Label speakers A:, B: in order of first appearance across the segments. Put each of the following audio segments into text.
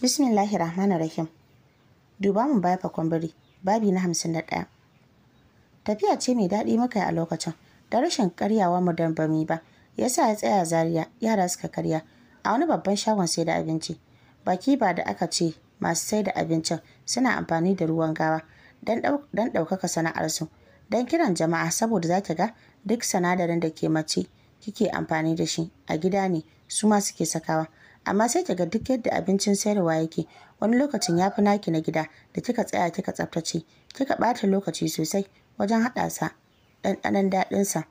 A: Bismillahi Rahmanir Rahim. Duba mun baya fakon biri, babi na hamsin da ɗaya. Tafiya ce mai daɗi muka yi a lokacin, da rashin karyawa mu dan bami ba, ya sa ya tsaya Zariya, yara suka karya, a wani babban shagon sai da abinci. Baki ba da aka ce masu sai da abincin suna amfani da ruwan gawa don ɗaukaka sana'arsu, don kiran jama'a saboda za ga duk sanadarin da ke mace kike amfani da shi a gida ne su ma suke sakawa. amma sai ga duk yadda abincin sayarwa yake wani lokacin ya fi naki na gida da kika tsaya kika tsaftace kika ɓata lokaci sosai wajen haɗa sa ɗanɗanon daɗinsa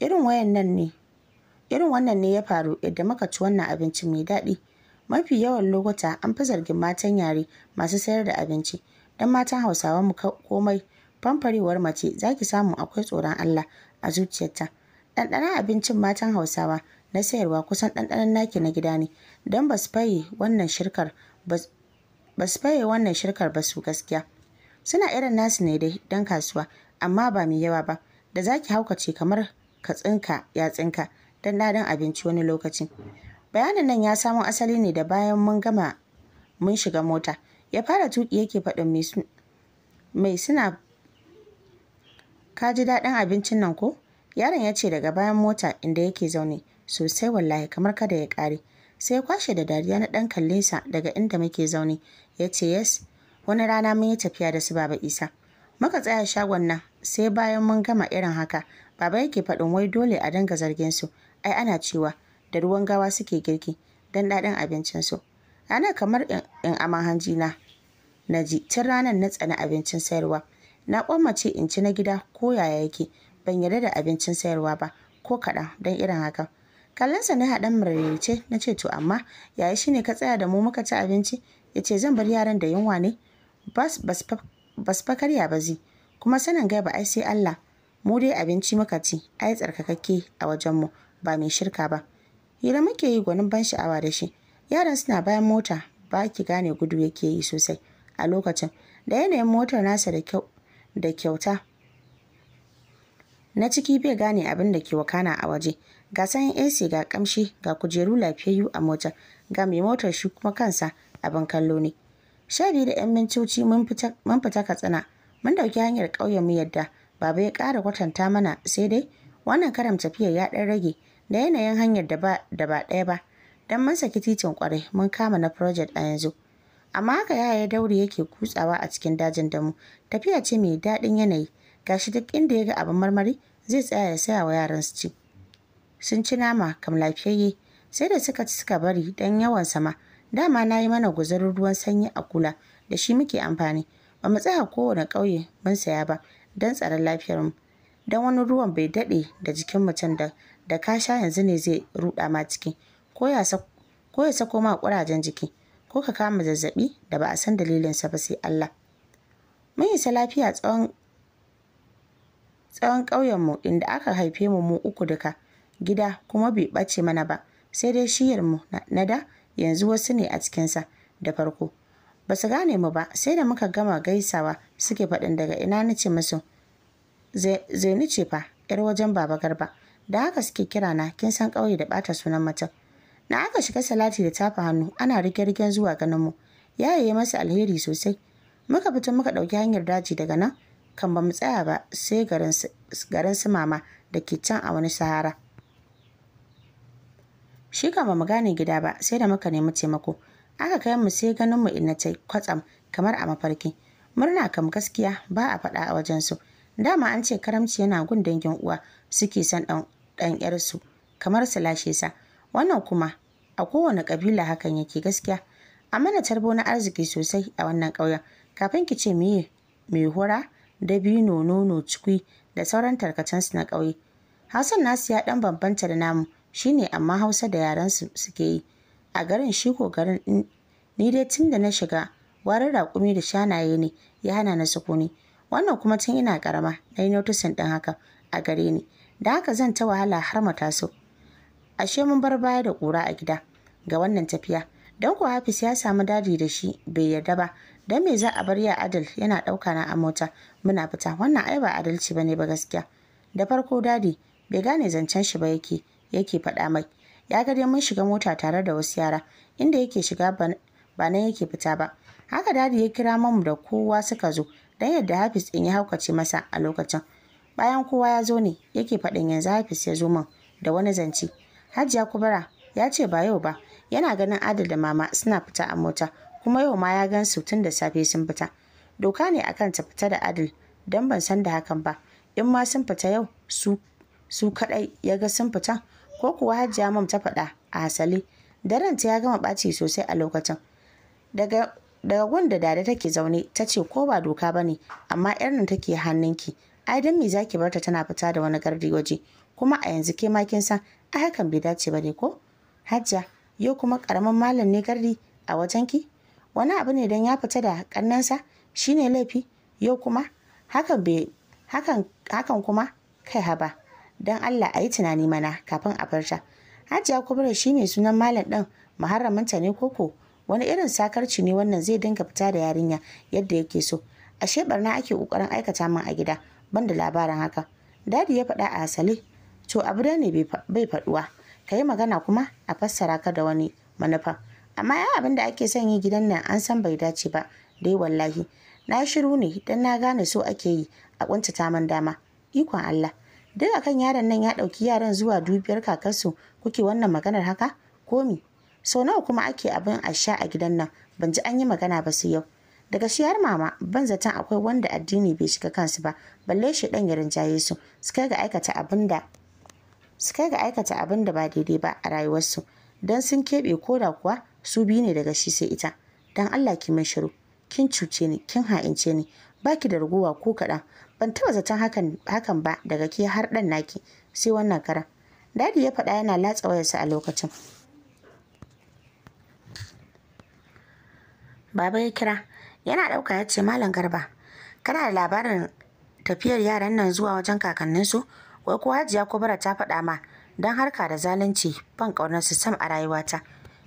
A: irin wayan ne irin wannan ne ya faru yadda muka ci wannan abinci mai daɗi mafi yawan lokuta an fi zargin matan yare masu sayar da abinci don matan hausawa mu komai famfarewar mace zaki samu akwai tsoron allah a zuciyarta ɗanɗanon abincin matan hausawa na sayarwa kusan ɗanɗanon naki na gida ne don ba su faye wannan shirkar ba su gaskiya suna irin nasu ne dai don kasuwa amma ba mai yawa ba da za zaki haukace kamar ka tsinka ya tsinka don daɗin abinci wani lokaci. bayanin nan ya samo asali ne da bayan mun gama mun shiga mota ya fara tuki yake faɗin mai suna ka ji daɗin abincin nan ko yaron ya ce daga bayan mota inda yake zaune sosai wallahi kamar kada ya kare sai ya kwashe da dariya na ɗan kalle sa daga inda muke zaune ya ce yes wani rana mun yi tafiya da su baba isa muka tsaya shagon nan sai bayan mun gama irin haka baba yake faɗin wai dole a dinga zargin su ai ana cewa da ruwan gawa suke girki don daɗin abincin su ana kamar in aman hanji na na ji tun ranar na tsani abincin sayarwa na kwamace in ci na gida ko yaya yake ban yarda da abincin sayarwa ba ko kaɗan don irin hakan Kallon sa na haɗan murarece na ce to amma yayi shine ka tsaya da mu muka ci abinci ya ce zan bar yaran da yunwa ne bas fa karya ba zi kuma sanin ba ai sai Allah mu dai abinci muka ci ai tsarkakakke a wajen mu ba mai shirka ba hira muke yi gwanin ban sha'awa da shi yaran suna bayan mota ba ki gane gudu yake yi sosai a lokacin da yanayin motar nasa da kyauta na ciki bai gane abin da ke wakana a waje ga sanyin AC ga kamshi ga kujeru lafiyayyu a motar ga mai motar shi kuma kansa abin kallo ne sha da yan mintoci mun fita katsina mun dauki hanyar ƙauyen mu yadda baba ya kara kwatanta mana sai dai wannan karam tafiyar ya ɗan rage da yanayin hanyar da ba ɗaya ba dan mun saki titin kwarai mun kama na project a yanzu amma haka yaya daure yake kutsawa a cikin dajin damu tafiya ce mai daɗin yanayi gashi duk inda ya ga abin marmari zai tsaya ya saya wa yaran su ci sun ci nama kam lafiyayye sai da suka ci suka bari dan yawan sama dama na yi mana guzarin ruwan sanyi a kula da shi muke amfani ba mu tsaya kowane ƙauye mun saya ba don tsaron lafiyarmu don wani ruwan bai daɗe da jikin mutum da da kasha yanzu ne zai ruɗa ma ciki ko ya sako ma ƙurajen jiki ko ka kama zazzaɓi da ba a san dalilinsa ba sai Allah. Mun isa lafiya tsawon tsawon ƙauyenmu inda aka haife mu mu uku duka gida kuma bai ɓace mana ba sai dai shiyarmu na da yanzu wasu ne a cikinsa da farko ba su gane mu ba sai da muka gama gaisawa suke faɗin daga ina na ce musu ni ce fa yar wajen baba garba da haka suke kira na kin san ƙauye da ɓata sunan mutum na aka shiga salati da tafa hannu ana rige-rigen zuwa ganin mu ya yi masa alheri sosai muka fita muka ɗauki hanyar daji daga nan kan ba mu tsaya ba sai garin su mama da ke can a wani sahara shi kan ba mu gane gida ba sai da muka nemi taimako aka kai mu sai ganin mu inna tai kwatsam kamar a mafarki murna kam gaskiya ba a faɗa a wajen su dama an ce karamci yana gun dangin uwa suke son dan yar yarsu kamar su lashe sa wannan kuma a kowane kabila hakan yake gaskiya na tarbo na arziki sosai a wannan ƙauyen kafin ki ce meye mai hura dabino nono cikui da sauran tarkacensu na ƙauye hassan nasu ya dan bambanta da namu shi ne amma hausa da yaran su suke yi a garin shi ko garin ni dai tun da na shiga warin raƙumi da shanaye ne ya hana na sukuni wannan kuma tun ina karama na yi notisin ɗin haka a gare ni da haka zan ta wahala har mu taso ashe mun bar baya da ƙura a gida ga wannan tafiya don kuwa hafiz ya samu dadi da shi bai yarda ba Dan me za a bar ya adal yana ɗauka na a mota muna fita wannan ai ba adalci bane ba gaskiya da farko dadi bai gane zancen shi ba yake yake faɗa mai ya ga dai mun shiga mota tare da wasu yara inda yake shiga ba nan yake fita ba haka dadi ya kira mamu da kowa suka zo dan yadda hafiz in ya haukace masa a lokacin bayan kowa ya zo ne yake faɗin yanzu hafiz ya zo min da wani zance hajiya kubara ya ce ba yau ba yana ganin adal da mama suna fita a mota kuma yau ma ya gan su tun da safe sun fita doka ne akan ta fita da adal don ban san da hakan ba in ma sun fita yau su kaɗai ya ga sun fita ko kuwa hajiya mam ta faɗa a asali. daren ta ya gama ɓaci sosai a lokacin daga daga gunda dada take zaune ta ce ko ba doka ba ne amma yar nan take hannunki ai dan me zaki bar ta tana fita da wani gardi waje kuma a yanzu ke ma kin san ai hakan bai dace ba ne ko hajja yau kuma karamin malam ne gardi a wajen ki wani abu ne dan ya fita da kannansa shine laifi yau kuma hakan bai hakan kuma kai haba don Allah a yi tunani mana kafin a farta hajiya kubura shi ne sunan malam ɗin muharramanta ne koko wani irin sakarci ne wannan zai dinga fita da yarinya yadda yake so A ashe na ake kokarin aikata min a gida ban da labarin haka dadi ya faɗa a asali to abu da ne bai faɗuwa ka yi magana kuma a fassara ka da wani manufa amma ya abin da ake son yi gidan nan an san bai dace ba dai wallahi na shiru ne don na gane so ake yi a kuntata man dama ikon Allah duk akan yaron nan ya ɗauki yaran zuwa dubiyar kakarsu kuke wannan maganar haka komi sau nawa kuma ake abin a sha a gidan nan ban ji an yi magana ba su yau daga shi har mama ban zaton akwai wanda addini bai shiga kansu ba balle shi ɗan ya rinjaye su su kai ga aikata abin da ba daidai ba a rayuwarsu don sun keɓe koda kuwa su biyu ne daga shi sai ita don allah ki mai shiru kin cuce ni kin ha'ince ni baki da raguwa ko kaɗan ban taɓa zaton hakan, ba daga ke har ɗan naki sai wannan karan dadi ya faɗa yana latsa wayarsa a lokacin baba ya kira yana ɗauka ya ce malam garba kana da labarin tafiyar yaran nan zuwa wajen kakanninsu wai ko hajiya ko bara ta faɗa ma don harka da zalunci ban ƙaunar sam a rayuwata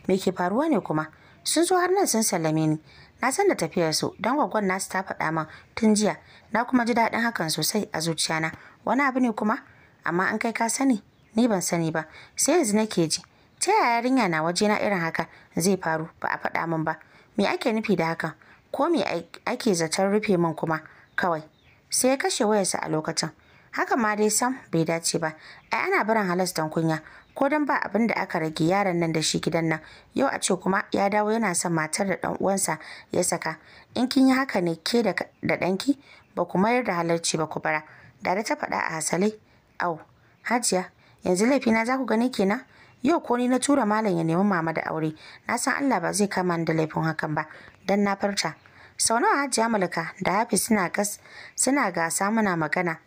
A: me ke faruwa ne kuma sun zo har nan sun sallame ni na san da su don gwaggon nasu ta faɗa min tun jiya na kuma ji daɗin hakan sosai a zuciyana wani abu ne kuma amma an kai ka sani ni ban sani ba sai yanzu nake ji ta yaya yarinya na waje na irin haka zai faru ba a faɗa min ba me ake nufi da hakan ko me ake zaton rufe min kuma kawai sai ya kashe wayarsa a lokacin Haka ma dai sam bai dace ba ai ana barin halas kunya ko dan ba abin da aka rage yaron nan da shi gidan nan yau a ce kuma ya dawo yana son matar da dan uwansa ya saka in kin yi haka ne ke da danki? ba ku mayar da halarci ba ku bara da ta faɗa a hasale au hajiya yanzu laifi na za ku gani kenan yau ko ni na tura malam ya nemi mama da aure na san Allah ba zai kama da laifin hakan ba dan na farta sau nawa hajiya malaka da hafi suna gas suna gasa muna magana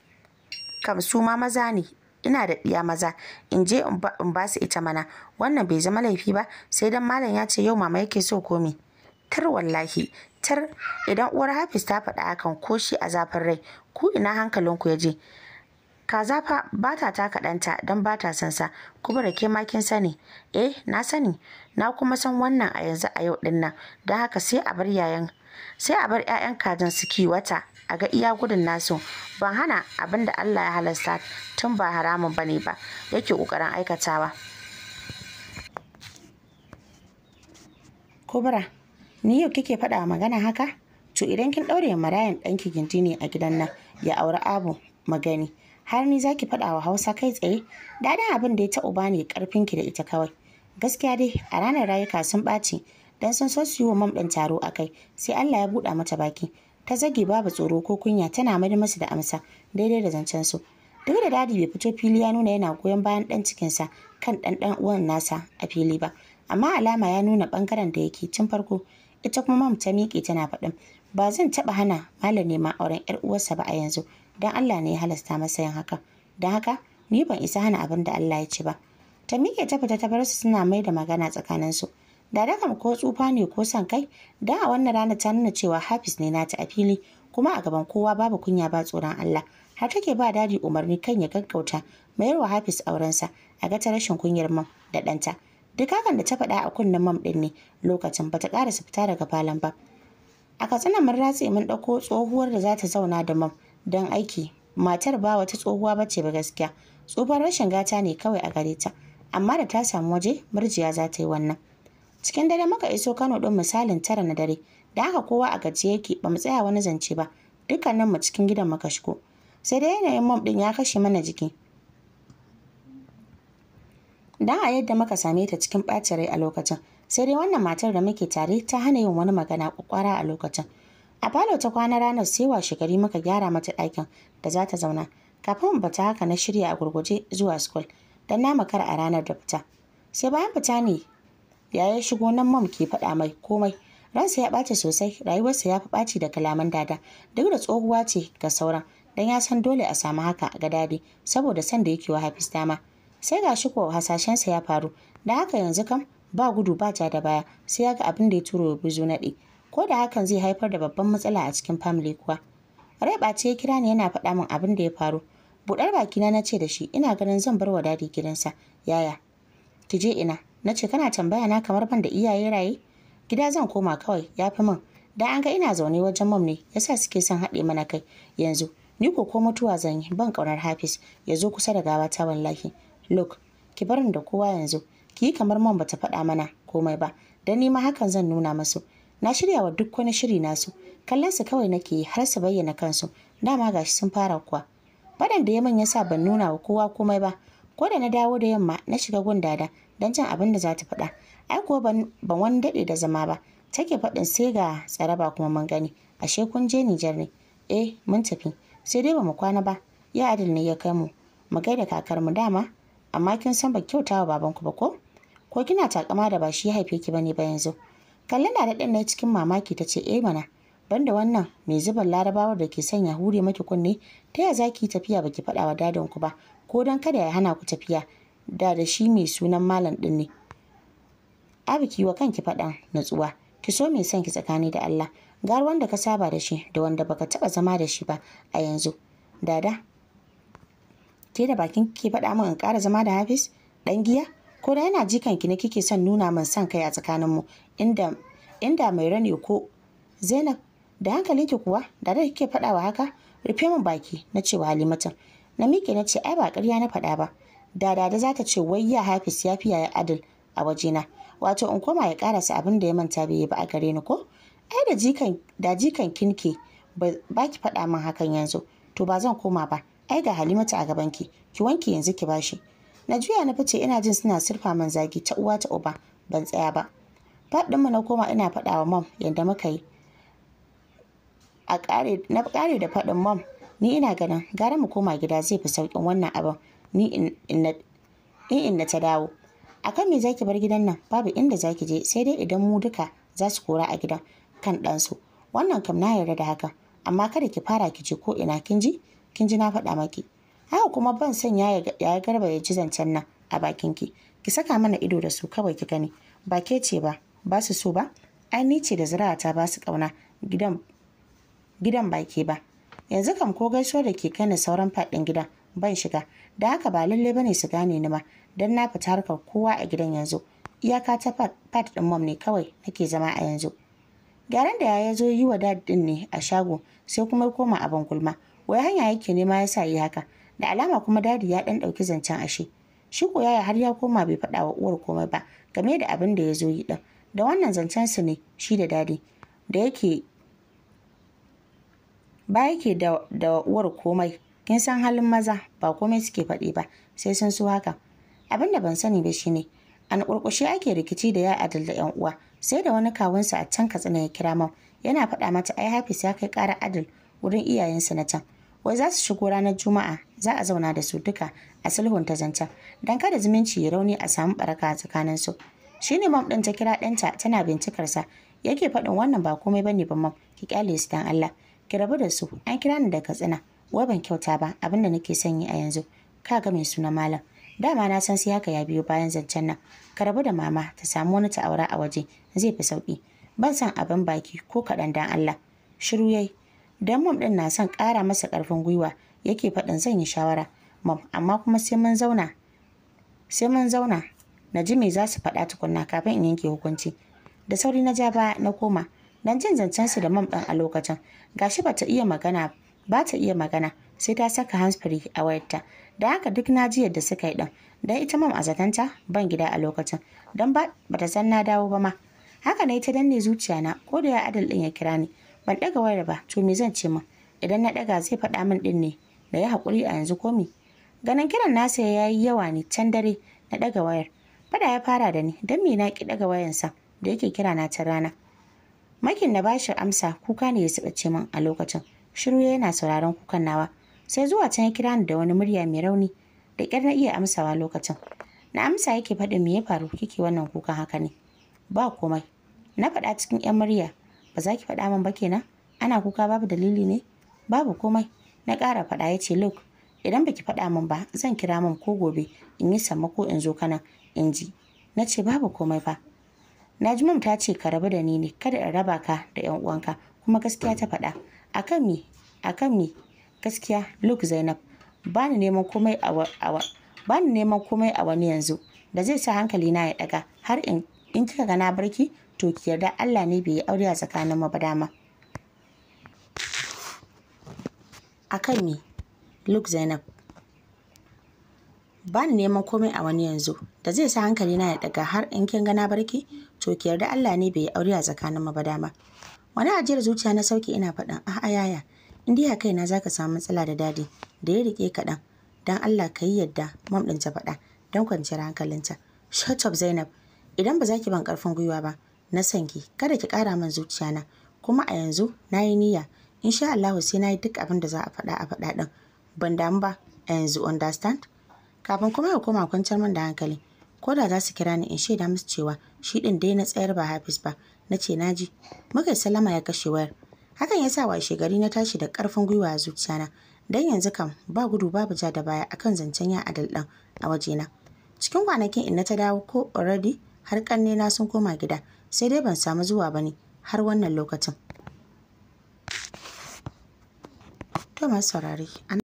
A: kam su ma maza ne ina da ɗiya maza in je in ba su ita mana wannan bai zama laifi ba sai dan malam ya ce yau mama yake so komi tar wallahi tar idan uwar hafiz ta faɗa hakan ko shi a zafin rai ku ina hankalinku ya je kaza fa ba ta ta kaɗanta don ba ta san sa kuma da ke makin sani eh na sani na kuma san wannan a yanzu a yau ɗin don haka sai a bar yayan sai a bar 'ya'yan kajin su kiwata a ga iya gudun nasu ban hana abin da Allah ya halasta tun ba haramun bane ba yake kokarin aikatawa Kubra ni yau kike faɗa magana haka to idan kin ɗaure marayan ɗanki ginti ne a gidan nan ya auri abu magani har ni zaki faɗa wa Hausa kai tsaye daɗin abin da ya ta uba ne ki da ita kawai gaskiya dai a ranar rayuka sun ɓaci dan sun so su yi wa mam ɗin taro a kai sai Allah ya buɗa mata baki ta zage babu tsoro ko kunya tana mai masu da amsa daidai da zancen su duk da dadi bai fito fili ya nuna yana goyon bayan dan sa kan dan dan uwan nasa a fili ba amma alama ya nuna bangaren da yake tun farko ita kuma mam ta miƙe tana faɗin ba zan taɓa hana malam ma auren yar uwarsa ba a yanzu dan Allah ne ya halasta masa yin haka dan haka ni ban isa hana abin da Allah ya ce ba ta miƙe ta fita ta bar su suna mai da magana tsakaninsu su da dakam ko tsufa ne ko san kai da a wannan rana ta nuna cewa hafiz ne nata a fili kuma a gaban kowa babu kunya ba tsoron allah har take ba dadi umarni kan ya gaggauta wa hafiz aurensa a ga ta rashin kunyar mam da ɗanta duk hakan da ta faɗa a kunnen mam ɗin ne lokacin bata ƙarasa fita daga falon ba a katsina mun ratse mun ɗauko tsohuwar da za ta zauna da mam don aiki matar ba wata tsohuwa ba ce ba gaskiya Tsufar rashin gata ne kawai a gare ta amma da ta samu waje murjiya za ta yi wannan cikin dare muka iso kano ɗin misalin tara na dare da haka kowa a gaji yake ba mu tsaya wani zance ba dukkanin mu cikin gidan muka shigo sai dai yanayin mom ɗin ya kashe mana jiki dan a yadda muka same ta cikin ɓacin rai a lokacin sai dai wannan matar da muke tare ta hana yin wani magana kwakwara a lokacin a falo ta kwana ranar sai washe gari muka gyara mata ɗakin da za ta zauna kafin mu fita haka na shirya a gurguje zuwa school don na kar a ranar da fita sai bayan fita ne ya ya shigo nan mam ke faɗa mai komai ransa ya ɓace sosai rayuwarsa ya fi ɓaci da kalaman dada duk da tsohuwa ce ga sauran dan ya san dole a samu haka ga dadi saboda san da yake wa hafis dama sai ga shi ko hasashensa ya faru da haka yanzu kam ba gudu ba ja da baya sai ya ga abin da ya turo ya buzo naɗe ko da hakan zai haifar da babban matsala a cikin family kuwa rai ɓace ya kira ni yana faɗa min abin da ya faru buɗar bakina na ce da shi ina ganin zan bar wa dadi gidansa yaya ki je ina na ce kana tambaya na kamar ban da iyaye raye gida zan koma kawai ya fi min da an ga ina zaune wajen mam ne yasa suke son haɗe mana kai yanzu ni ko ko mutuwa zan yi ban ƙaunar hafiz ya zo kusa da gawa ta wallahi look ki barin da kowa yanzu ki yi kamar man bata faɗa mana komai ba dan ni ma hakan zan nuna masu na shirya wa duk wani shiri nasu kallon su kawai nake har su bayyana kansu dama gashi sun fara kuwa fadan da ya man yasa ban nuna wa kowa komai ba ko da na dawo da yamma na shiga gundada don cin abin da za ta faɗa ai kuwa ban wani daɗe da zama ba take faɗin sai ga tsaraba kuma mun gani ashe kun je Nijar ne eh mun tafi sai dai ba mu kwana ba ya adil ne ya kai mu mu da kakar mu dama amma kin san ba kyauta wa babanku ba ko ko kina takama da ba shi ya haife ki bane ba yanzu kalli na daɗin na cikin mamaki ta ce eh mana banda wannan mai zubar larabawar da ke sanya hure maki kunne ta ya za ki tafiya baki faɗa wa dadinku ba ko don kada ya hana ku tafiya da da shi mai sunan malam din ne abiki wa kanki faɗa natsuwa ki so mai son ki tsakani da Allah gar wanda ka saba da shi da wanda baka taɓa zama da shi ba a yanzu dada ke da bakin ki faɗa min in ƙara zama da Hafiz ɗan giya ko da yana jikan ki ne kike son nuna min son kai a tsakanin mu inda inda mai rane ko Zainab da ki kuwa da da kike faɗawa haka rufe min baki na cewa Halimatu na miƙe na ce ai ba ƙarya na faɗa ba da dada za ta ce wai ya hafiz ya fiya ya adil a waje na. wato in koma ya karasa abin da ya manta bai yi ba a gare ni ko ai da jikan kinke ba ki faɗa min hakan yanzu to ba zan koma ba ai ga halimatu a gaban ki ki wanke yanzu ki bashi na juya na fice ina jin suna surfa man zagi ta uwa ta uba ban tsaya ba mu na koma ina faɗa wa mom yadda muka yi na kare da faɗin mom ni ina ganin gara mu koma gida zai fi sauƙin wannan abin ni in na ta dawo akan me zaki bar gidan nan babu inda zaki je sai dai idan mu duka za su kora a gidan kan ɗansu wannan kam na yarda da hakan amma kada ki fara ki je ko ina kin ji kin ji na faɗa maki haka kuma ban son ya ya garba ya ji zancen nan a bakin ki ki saka mana ido da su kawai ki gani ba ke ce ba ba su so ba ai ni ce da ta ba su ƙauna gidan gidan baki ba yanzu kam ko gaisuwa da ke kai ni sauran faɗin gidan ban shiga da haka ba lalle bane su gane ni ba, dan na fita harkar kowa a gidan yanzu iyaka ta fat din mom ne kawai nake zama a yanzu gyaran da ya zo yi wa dad din ne a shago sai kuma koma abin gulma wai hanya yake nema ya sa yi haka da alama kuma dadi ya dan dauki zancen ashe shi ko yaya har ya koma bai faɗa wa uwar komai ba game da abin da ya zo yi din da wannan zancen su ne shi da dadi da yake ba yake da, da uwar komai kin san halin maza ba komai suke faɗi ba sai sun so haka abin da ban sani ba shine an ƙurƙushe ake rikici da ya da yan uwa sai da wani kawunsa a can katsina ya kira mam yana faɗa mata ai hafis ya kai ƙara adal wurin iyayensa na can wai za su shigo ranar juma'a za a zauna da su duka a sulhun ta zancen dan kada zumunci ya rauni a samu baraka a tsakanin su shine mam ɗin ta kira ɗanta tana bincikarsa yake faɗin wannan ba komai bane ba mam ki kyale su dan Allah ki rabu da su an kira ni da katsina wai ban kyauta ba abin da nake son yi a yanzu ka ga mai suna malam dama na san sai haka ya biyo bayan zancen nan ka rabu da mama ta samu wani ta aura a waje zai fi sauki ban san abin baki ko kaɗan dan Allah shiru yayi dan mom din na son ƙara masa ƙarfin gwiwa yake faɗin zan yi shawara mom amma kuma sai mun zauna sai mun zauna na ji me za su faɗa tukunna kafin in yanke hukunci da sauri na ja baya na koma nan jin zancen su da mam ɗin a lokacin gashi bata iya magana ba ta iya magana sai ta saka hansfiri a wayarta da haka duk na ji yadda suka yi ɗin dan ita mam a zatanta ban gida a lokacin don ba ta san na dawo ba ma haka na ita ta danne zuciya na ko da ya adal ɗin ya kira ni ban ɗaga wayar ba to me zan ce min idan na ɗaga zai faɗa min ɗin ne da ya haƙuri a yanzu ko me ganin kiran nasa ya yi yawa ne can dare na ɗaga wayar fada ya fara da ni don me na ki ɗaga wayansa da yake kira na ta rana makin na bashi amsa kuka ne ya ce min a lokacin shiru ya yana sauraron kukan nawa sai zuwa can ya kira ni da wani murya mai rauni da kyar na iya amsawa lokacin na amsa yake faɗin me ya faru kike wannan kukan haka ne ba komai na faɗa cikin yan murya ba za ki faɗa min ba kenan ana kuka babu dalili ne babu komai na ƙara faɗa ya ce look idan baki faɗa min ba zan kira min ko gobe in yi sammako in zo kana in ji na ce babu komai ba Najmam ta ce ka rabu da ni ne kada in raba ka da yan uwanka kuma gaskiya ta faɗa akan me akan me gaskiya Luke Zainab bani neman komai a bani neman komai a wani yanzu da zai sa hankali na ya daga har in in kika ga na barki to ki yarda Allah ne bai yi aure a tsakanin mu ba dama akan me Luke Zainab ba ni neman komai a wani yanzu da zai sa hankali na ya daga har in kin gana barki to ki yarda Allah ne bai aure a tsakanin mu ba dama wani ajiyar zuciya na sauki ina faɗin a ayaya in dai kai na zaka samu matsala da dadi da ya rike kaɗan dan Allah ka yi yadda mam ɗin ta faɗa dan kwanciyar hankalinta shut up Zainab idan ba za ki ban karfin gwiwa ba na sanki kada ki kara min zuciya na kuma a yanzu na yi niyya insha Allah sai na yi duk abin da za a faɗa a faɗa din ban damu ba a yanzu understand kafin kuma ya koma kwantar min da hankali ko da za su kira ni in shaida musu cewa shi din dai na tsayar ba hafis ba na ce na ji muka yi salama ya kashe wayar hakan ya sa washe gari na tashi da ƙarfin gwiwa a zuciyana dan yanzu kam ba gudu babu ja da baya akan zancen ya adal ɗin a wajena cikin kwanakin in na ta dawo ko already har ƙanne na sun koma gida sai dai ban samu zuwa ba ne har wannan lokacin to saurare